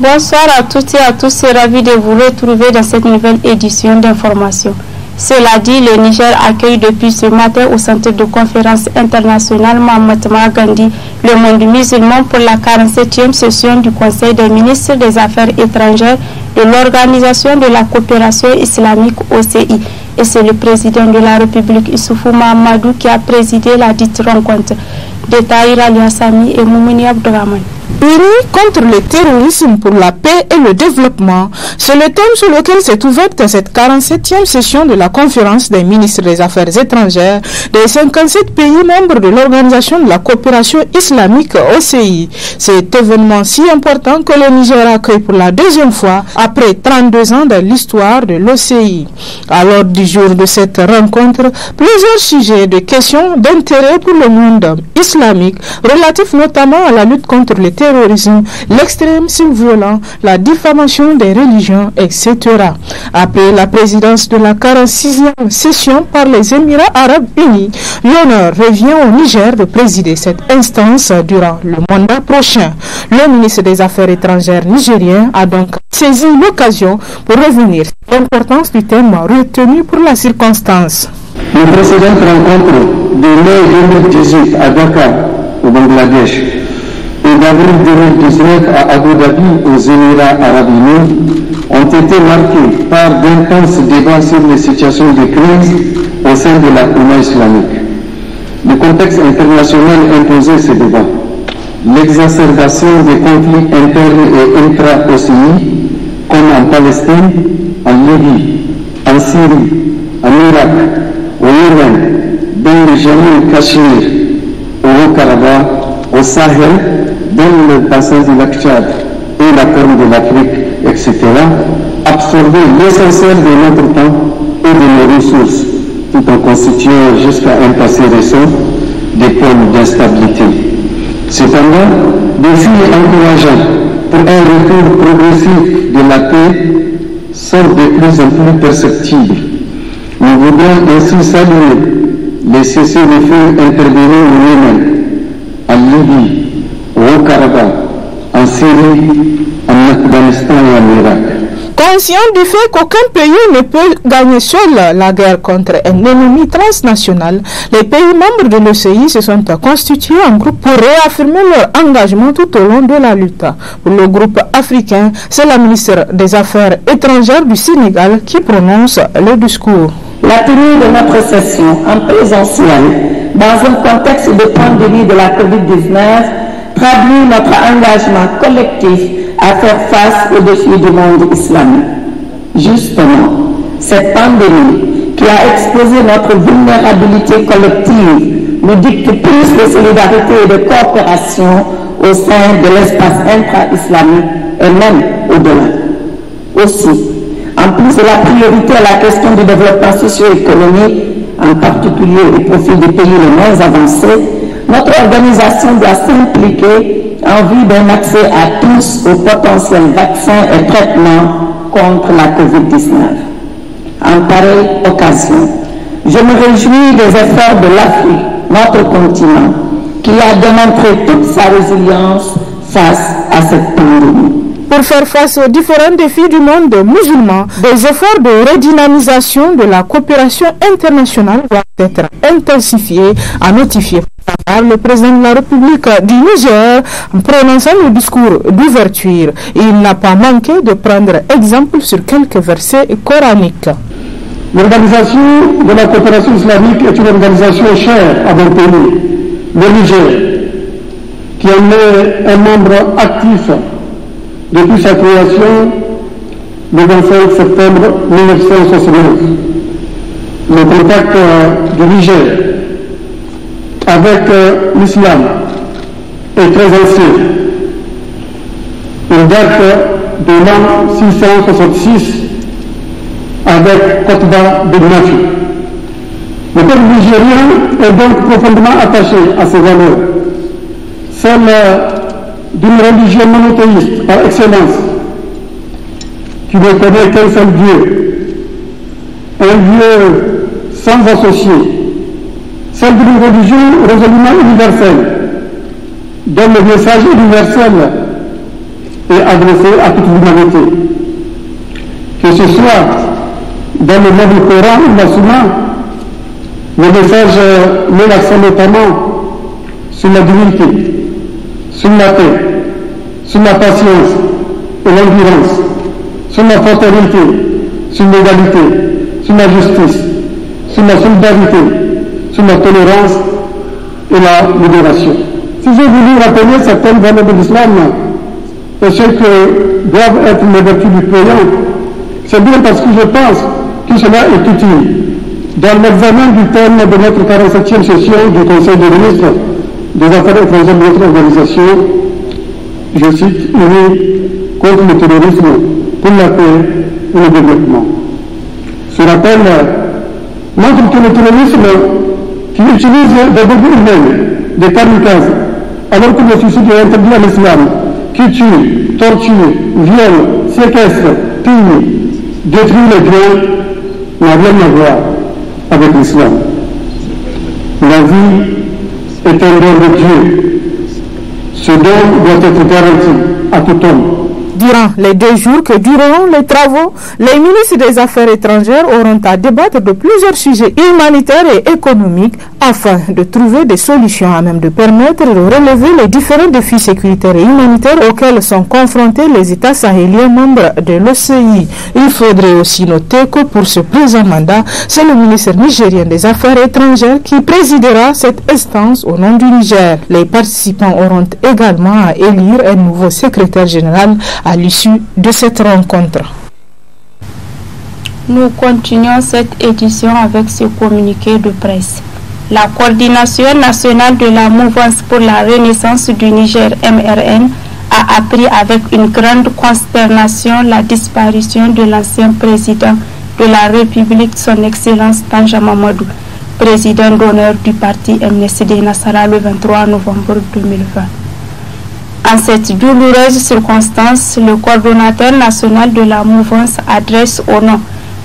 Bonsoir à toutes et à tous, c'est ravi de vous retrouver dans cette nouvelle édition d'information. Cela dit, le Niger accueille depuis ce matin au centre de conférence internationale Mohamed Gandhi le monde musulman pour la 47e session du Conseil des ministres des Affaires étrangères de l'Organisation de la coopération islamique OCI et c'est le président de la République Issoufou Mahamadou, qui a présidé la dite rencontre. Détail Ali Assami et Moumouni Abdouhaman. Pérou contre le terrorisme pour la paix et le développement. C'est le thème sur lequel s'est ouverte cette 47e session de la conférence des ministres des Affaires étrangères des 57 pays membres de l'Organisation de la coopération islamique OCI. Cet événement si important que le Niger accueille pour la deuxième fois après 32 ans de l'histoire de l'OCI. À l'ordre du jour de cette rencontre, plusieurs sujets de questions d'intérêt pour le monde islamique relatifs notamment à la lutte contre le terrorisme l'extrême l'extrémisme violent, la diffamation des religions, etc. Après la présidence de la 46e session par les Émirats arabes unis, l'honneur revient au Niger de présider cette instance durant le mandat prochain. Le ministre des Affaires étrangères nigérien a donc saisi l'occasion pour revenir sur l'importance du thème retenu pour la circonstance. rencontre de mai à au Bangladesh, de avril 2019 à Abu Dhabi, aux Émirats arabes unis, ont été marqués par d'intenses débats sur les situations de crise au sein de la communauté islamique. Le contexte international imposait ces débats. L'exacerbation des conflits internes et intra-océaniques, comme en Palestine, en Libye, en Syrie, en Irak, au Yémen, dans le Jammu et au Haut-Karabakh, au Sahel, dans le passage de la Tchad et la corne de l'Afrique, etc., absorber l'essentiel de notre temps et de nos ressources, tout en constituant jusqu'à un passé récent des points d'instabilité. Cependant, défi encourageant pour un retour progressif de la paix sont de plus en plus perceptibles. Nous voudrons ainsi saluer les cessez-le-feu intervenant au Yémen, en Libye, en Syrie, en Afghanistan et en Irak. Conscient du fait qu'aucun pays ne peut gagner seul la guerre contre un ennemi transnational, les pays membres de l'OCI se sont constitués en groupe pour réaffirmer leur engagement tout au long de la lutte. Pour le groupe africain, c'est la ministre des Affaires étrangères du Sénégal qui prononce le discours. La tenue de notre session en présentiel dans un contexte de pandémie de la COVID-19 traduit notre engagement collectif à faire face au défi du monde islamique. Justement, cette pandémie qui a exposé notre vulnérabilité collective nous dicte plus de solidarité et de coopération au sein de l'espace intra-islamique et même au-delà. Aussi, en plus de la priorité à la question du développement socio-économique, en particulier au profit des pays les moins avancés, notre organisation doit s'impliquer en vue d'un accès à tous aux potentiels vaccins et traitements contre la COVID-19. En pareille occasion, je me réjouis des efforts de l'Afrique, notre continent, qui a démontré toute sa résilience face à cette pandémie pour faire face aux différents défis du monde musulman. Des efforts de redynamisation de la coopération internationale doivent être intensifiés, à notifier le président de la République du Niger, euh, prononçant le discours d'ouverture, il n'a pas manqué de prendre exemple sur quelques versets coraniques. L'organisation de la coopération islamique est une organisation chère à mon pays, le Niger, qui en est un membre actif depuis sa création le 25 septembre 1969. Le contact euh, du Niger avec euh, l'islam est très ancien. Il date de l'an 666 avec Kotba de Nafi. Le peuple nigérien est donc profondément attaché à ses valeurs, celle euh, d'une religion monothéiste par excellence, qui ne connaît qu'un seul Dieu, un Dieu sans associé celle d'une religion résolument universelle, dont le message universel est adressé à toute l'humanité. Que ce soit dans le du Coran ou la le message met l'accent notamment sur la dignité, sur la paix, sur la patience et l'endurance, sur la fraternité, sur l'égalité, sur la justice, sur la solidarité, sur la tolérance et la modération. Si je voulais rappeler certaines valeurs de l'islam, et ce que doivent être les vertus du croyant, c'est bien parce que je pense que cela est utile. Dans l'examen du thème de notre 47e session du Conseil des ministres des Affaires étrangères de notre organisation, je cite, unie contre le terrorisme, pour la paix et le développement. Ce rappel montre que le terrorisme qui utilisent des beaucoup humaines, des kamikazes, alors que le suicide est interdit à l'islam, qui tue, torture, viole, séquestre, pille, détruit les biens, n'a rien à voir avec l'islam. La vie est un don de Dieu. Ce don doit être garanti à tout homme durant les deux jours que dureront les travaux, les ministres des Affaires étrangères auront à débattre de plusieurs sujets humanitaires et économiques afin de trouver des solutions à même de permettre de relever les différents défis sécuritaires et humanitaires auxquels sont confrontés les États sahéliens membres de l'OCI. Il faudrait aussi noter que pour ce présent mandat, c'est le ministère nigérien des Affaires étrangères qui présidera cette instance au nom du Niger. Les participants auront également à élire un nouveau secrétaire général l'issue de cette rencontre. Nous continuons cette édition avec ce communiqué de presse. La coordination nationale de la mouvance pour la renaissance du Niger MRN a appris avec une grande consternation la disparition de l'ancien président de la République, son Excellence Benjamin Madou, président d'honneur du parti MNCD Nassara le 23 novembre 2020. En cette douloureuse circonstance, le coordonnateur national de la mouvance adresse au nom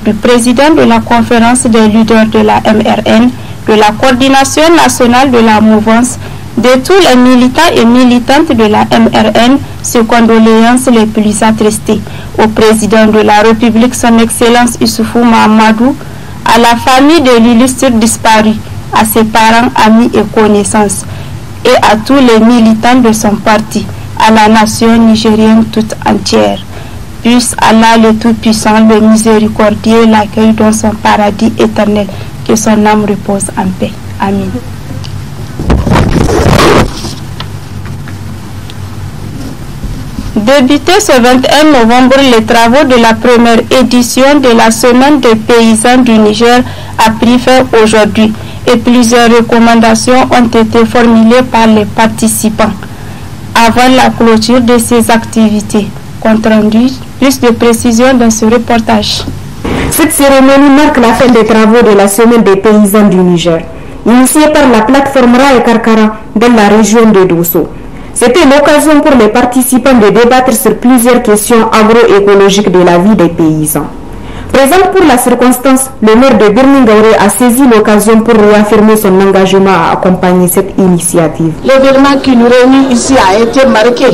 du président de la conférence des leaders de la MRN, de la coordination nationale de la mouvance, de tous les militants et militantes de la MRN, ses condoléances les plus attristées. Au président de la République, son Excellence Issoufou Mahamadou, à la famille de l'illustre disparu, à ses parents, amis et connaissances, et à tous les militants de son parti la nation nigérienne toute entière. Puisse Allah le Tout-Puissant, le Miséricordieux, l'accueille dans son paradis éternel. Que son âme repose en paix. Amen. Débuté ce 21 novembre les travaux de la première édition de la Semaine des paysans du Niger a pris fin aujourd'hui et plusieurs recommandations ont été formulées par les participants avant la clôture de ses activités. Compte rendu, plus de précision dans ce reportage. Cette cérémonie marque la fin des travaux de la Semaine des paysans du Niger, initiée par la plateforme et Karkara dans la région de Dosso. C'était l'occasion pour les participants de débattre sur plusieurs questions agroécologiques de la vie des paysans. Présent pour la circonstance, le maire de Birmingham a saisi l'occasion pour réaffirmer son engagement à accompagner cette initiative. L'événement qui nous réunit ici a été marqué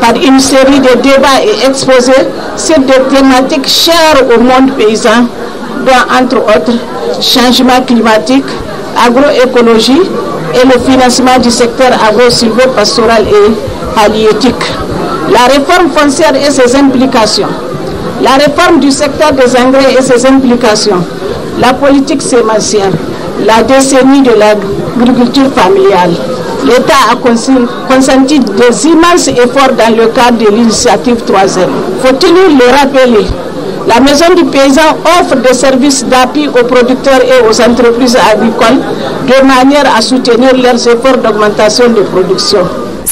par une série de débats et exposés sur des thématiques chères au monde paysan, dont entre autres changement climatique, agroécologie et le financement du secteur agro pastoral et halieutique. La réforme foncière et ses implications la réforme du secteur des engrais et ses implications, la politique sémantienne, la décennie de l'agriculture familiale. L'État a consenti des immenses efforts dans le cadre de l'initiative 3M. Faut-il le rappeler la Maison du Paysan offre des services d'appui aux producteurs et aux entreprises agricoles de manière à soutenir leurs efforts d'augmentation de production.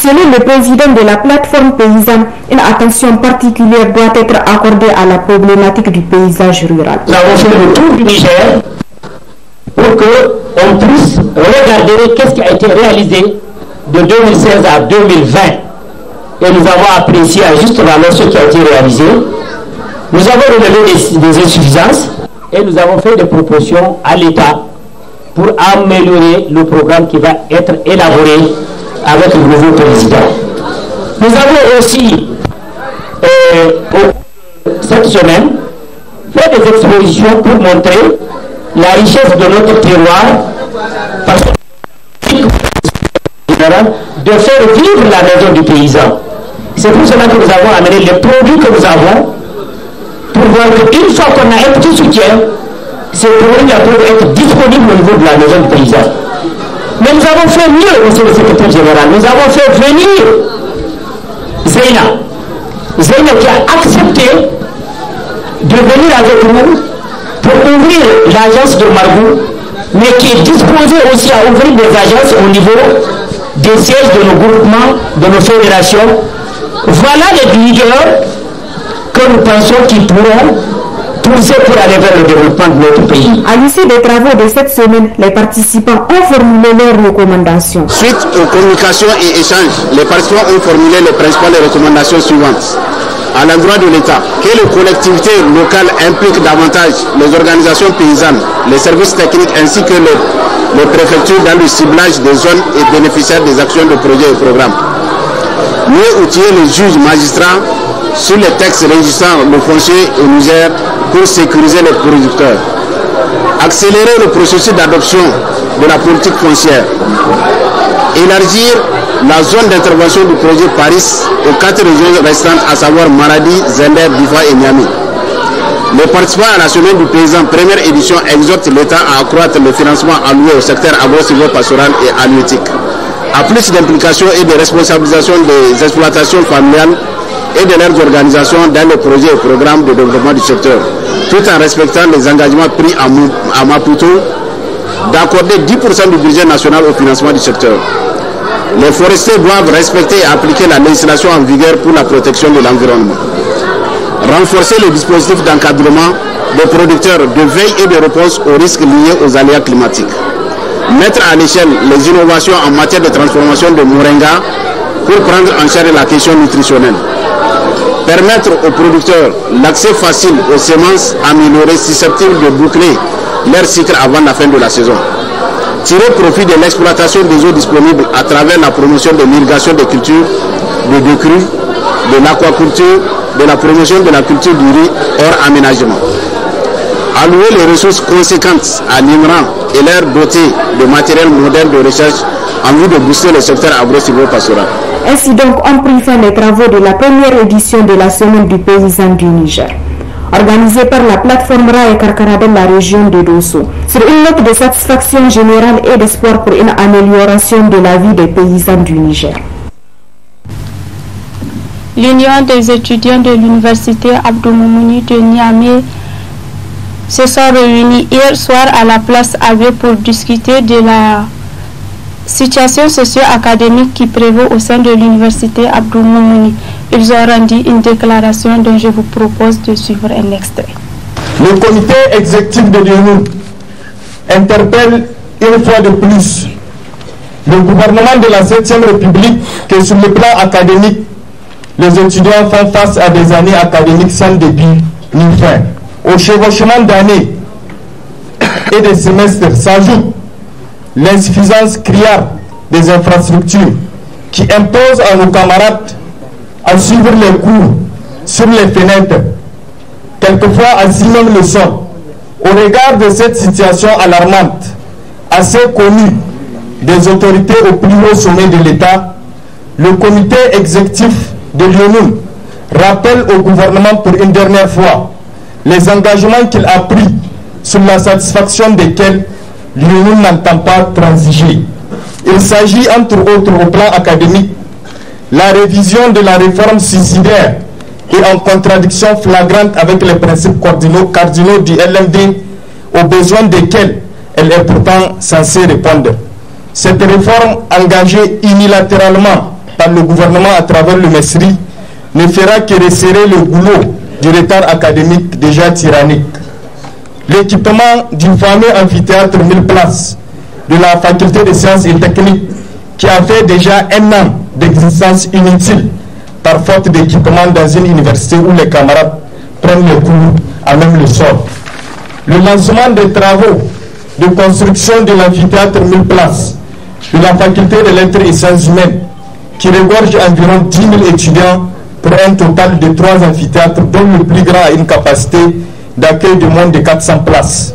Selon le président de la plateforme paysanne, une attention particulière doit être accordée à la problématique du paysage rural. Nous avons fait le tour du Niger pour qu'on puisse regarder ce qui a été réalisé de 2016 à 2020. Et nous avons apprécié à juste valeur ce qui a été réalisé. Nous avons relevé des, des insuffisances et nous avons fait des propositions à l'État pour améliorer le programme qui va être élaboré avec le nouveau président. Nous avons aussi, euh, cette semaine, fait des expositions pour montrer la richesse de notre terroir, parce que de faire vivre la maison du paysan. C'est pour cela que nous avons amené les produits que nous avons pour voir qu'une fois qu'on a un petit soutien, ces produits peuvent être disponibles au niveau de la maison du paysan. Mais nous avons fait mieux, monsieur le secrétaire général. Nous avons fait venir Zeyna. Zeyna qui a accepté de venir avec nous pour ouvrir l'agence de Margou, mais qui est disposée aussi à ouvrir des agences au niveau des sièges de nos groupements, de nos fédérations. Voilà les leaders que nous pensons qu'ils pourront pour aller vers le développement de notre pays. À l'issue des travaux de cette semaine, les participants ont formulé leurs recommandations. Suite aux communications et échanges, les participants ont formulé les principales recommandations suivantes à l'endroit de l'État, que les collectivités locales impliquent davantage les organisations paysannes, les services techniques ainsi que les, préfectures dans le ciblage des zones et bénéficiaires des actions de projets et programmes. Mieux outiller les juges magistrats sur les textes régissant le foncier et l'usère pour sécuriser les producteurs, accélérer le processus d'adoption de la politique foncière, élargir la zone d'intervention du projet Paris aux quatre régions restantes, à savoir Maradi, Zender, Bifa et Miami. Les participants à la semaine du paysan première édition exhorte l'État à accroître le financement alloué au secteur agro pastoral et halieutique, à plus d'implication et de responsabilisation des exploitations familiales et de leurs organisations dans les projets et programmes de développement du secteur tout en respectant les engagements pris à Maputo d'accorder 10% du budget national au financement du secteur. Les forestiers doivent respecter et appliquer la législation en vigueur pour la protection de l'environnement. Renforcer les dispositifs d'encadrement des producteurs de veille et de réponse aux risques liés aux aléas climatiques. Mettre à l'échelle les innovations en matière de transformation de Moringa pour prendre en charge la question nutritionnelle permettre aux producteurs l'accès facile aux semences améliorées susceptibles de boucler leur cycle avant la fin de la saison. Tirer profit de l'exploitation des eaux disponibles à travers la promotion de l'irrigation des cultures, de crues, de l'aquaculture, de la promotion de la culture du riz hors aménagement. Allouer les ressources conséquentes à l'IMRAN et leur doter de matériel moderne de recherche en vue de booster le secteur agro-silvopastoral. pastoral ainsi donc, on prit fin les travaux de la première édition de la Semaine du paysan du Niger organisée par la plateforme et Karkara de la région de Dosso. Sur une note de satisfaction générale et d'espoir pour une amélioration de la vie des paysans du Niger. L'Union des étudiants de l'Université Abdoumouni de Niamey se sont réunis hier soir à la place AV pour discuter de la situation socio-académique qui prévaut au sein de l'université Abdou Moumouni. Ils ont rendu une déclaration dont je vous propose de suivre un extrait. Le comité exécutif de l'UNU interpelle une fois de plus le gouvernement de la 7e République que sur le plan académique, les étudiants font face à des années académiques sans début ni fin. Au chevauchement d'années et de semestres s'ajoute l'insuffisance criarde des infrastructures qui impose à nos camarades à suivre les cours sur les fenêtres, quelquefois à six le sol. Au regard de cette situation alarmante, assez connue des autorités au plus haut sommet de l'État, le comité exécutif de l'ONU rappelle au gouvernement pour une dernière fois les engagements qu'il a pris sur la satisfaction desquels l'Union n'entend pas transiger. Il s'agit entre autres au plan académique, la révision de la réforme suicidaire est en contradiction flagrante avec les principes cardinaux, du LMD, aux besoins desquels elle est pourtant censée répondre. Cette réforme engagée unilatéralement par le gouvernement à travers le MESRI ne fera que resserrer le goulot du retard académique déjà tyrannique l'équipement du fameux amphithéâtre 1000 places de la faculté des sciences et techniques qui a fait déjà un an d'existence inutile par faute d'équipement dans une université où les camarades prennent le cours à même le sort. Le lancement des travaux de construction de l'amphithéâtre 1000 places de la faculté des lettres et sciences humaines qui regorge environ 10 000 étudiants pour un total de trois amphithéâtres dont le plus grand a une capacité d'accueil de moins de 400 places.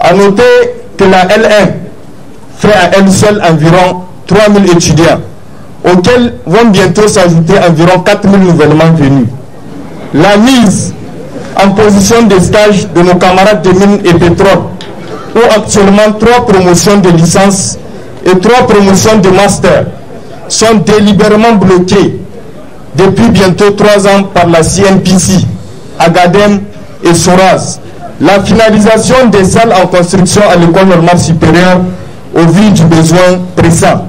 A noter que la L1 fait à elle seule environ 3 000 étudiants, auxquels vont bientôt s'ajouter environ 4 000 nouvellement venus. La mise en position de stage de nos camarades de mines et pétrole, où actuellement trois promotions de licence et trois promotions de master sont délibérément bloquées depuis bientôt trois ans par la CNPC, Agadem et SORAS, La finalisation des salles en construction à l'école normale supérieure au vu du besoin pressant.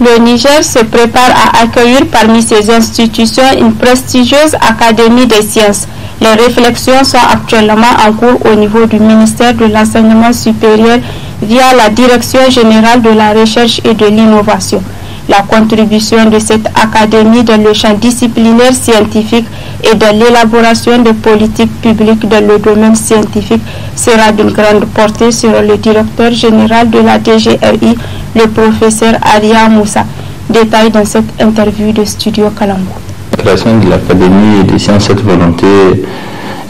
Le Niger se prépare à accueillir parmi ses institutions une prestigieuse académie des sciences. Les réflexions sont actuellement en cours au niveau du ministère de l'Enseignement supérieur via la Direction générale de la recherche et de l'innovation. La contribution de cette académie dans le champ disciplinaire scientifique et dans l'élaboration de politiques publiques dans le domaine scientifique sera d'une grande portée sur le directeur général de la DGRI, le professeur Aria Moussa. Détail dans cette interview de Studio Calambo. La création de l'Académie des sciences et de volonté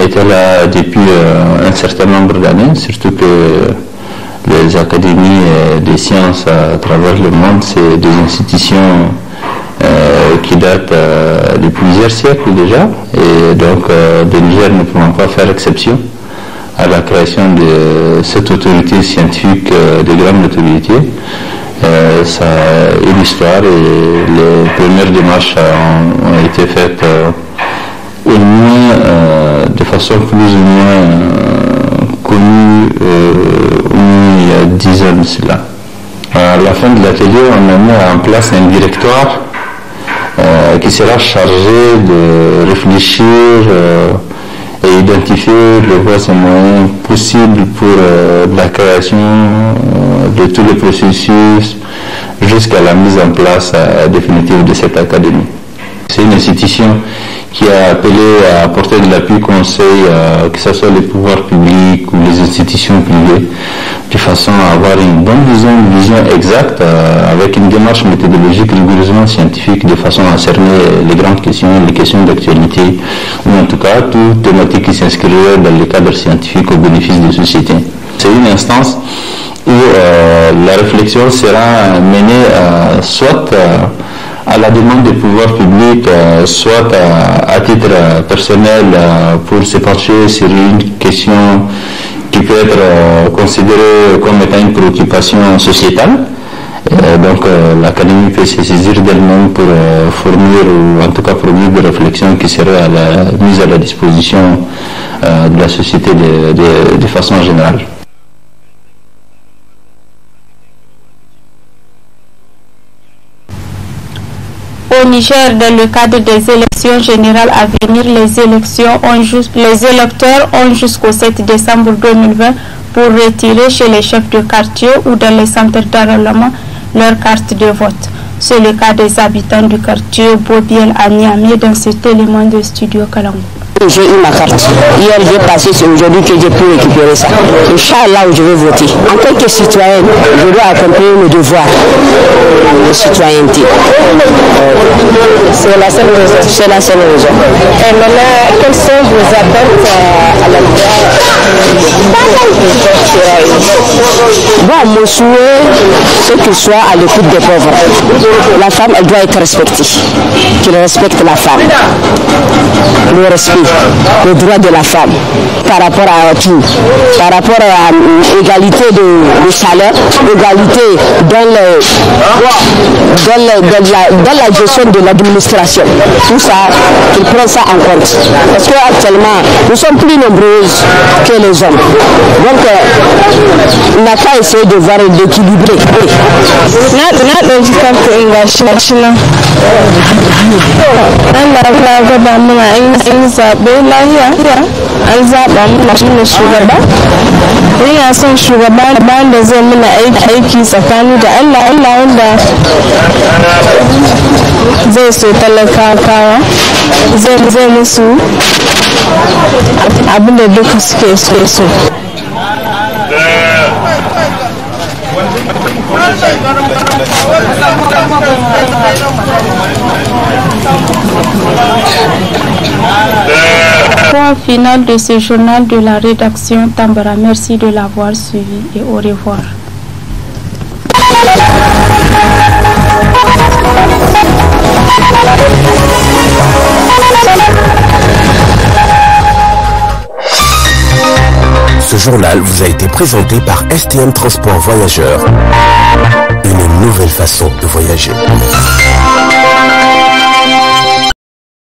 était là depuis euh, un certain nombre d'années, surtout que les académies euh, des sciences à travers le monde, c'est des institutions euh, qui datent euh, de plusieurs siècles déjà. Et donc, euh, le Niger ne pouvant pas faire exception à la création de cette autorité scientifique de grande notoriété, ça une l'histoire et les premières démarches ont été faites au moins de façon plus ou moins connue de cela. À la fin de l'atelier, on a mis en place un directoire euh, qui sera chargé de réfléchir euh, et identifier les voies et moyens possibles pour euh, la création de tous les processus jusqu'à la mise en place définitive de cette académie. C'est une institution qui a appelé à apporter de l'appui conseil, que ce soit les pouvoirs publics ou les institutions privées, de façon à avoir une bonne vision, une vision exacte, euh, avec une démarche méthodologique rigoureusement scientifique, de façon à cerner les grandes questions, les questions d'actualité, ou en tout cas toute thématique qui s'inscrirait dans le cadre scientifique au bénéfice des sociétés. C'est une instance où euh, la réflexion sera menée euh, soit à la demande des pouvoirs publics, soit à, titre personnel pour se pencher sur une question qui peut être euh, considéré comme étant une préoccupation sociétale. Euh, donc euh, l'Académie peut se saisir d'elle-même pour fournir ou en tout cas produire des réflexions qui seraient à la, mises à la disposition de la société de façon générale. dans le cadre des élections générales à venir, les, électeurs ont jusqu'au 7 décembre 2020 pour retirer chez les chefs de quartier ou dans les centres d'enrôlement leur carte de vote. C'est le cas des habitants du quartier Bobiel à Niamey dans cet élément de studio Calambo. J'ai eu ma carte. Hier, j'ai passé, c'est aujourd'hui que j'ai pu récupérer ça. Inch'Allah, je vais voter. En tant que citoyenne, je dois accomplir mes devoirs de citoyenneté. C'est la seule raison. C'est la seule raison. Et maintenant, quels sont vos euh, à la Bon, mon souhait, c'est qu'il soit à l'écoute des pauvres. La femme, elle doit être respectée. Qu'il respecte la femme. Le respect le droit de la femme par rapport à tout, par rapport à l'égalité euh, de, salaire, égalité dans, dans, la, gestion de l'administration. Tout ça, il prend ça en compte. Parce qu'actuellement, nous sommes plus nombreuses que les hommes. Donc, euh, on n'a pas essayer de voir de zaɓe lahiya an zaɓa mana shi ne shugaba ina son shugaba da zai mana aiki tsakani da allah allah wanda zai so talakawa zai musu abinda duka suke so Thank you. Point final de ce journal de la rédaction Tambara. Merci de l'avoir suivi et au revoir. Ce journal vous a été présenté par STM Transport Voyageurs. Une nouvelle façon de voyager.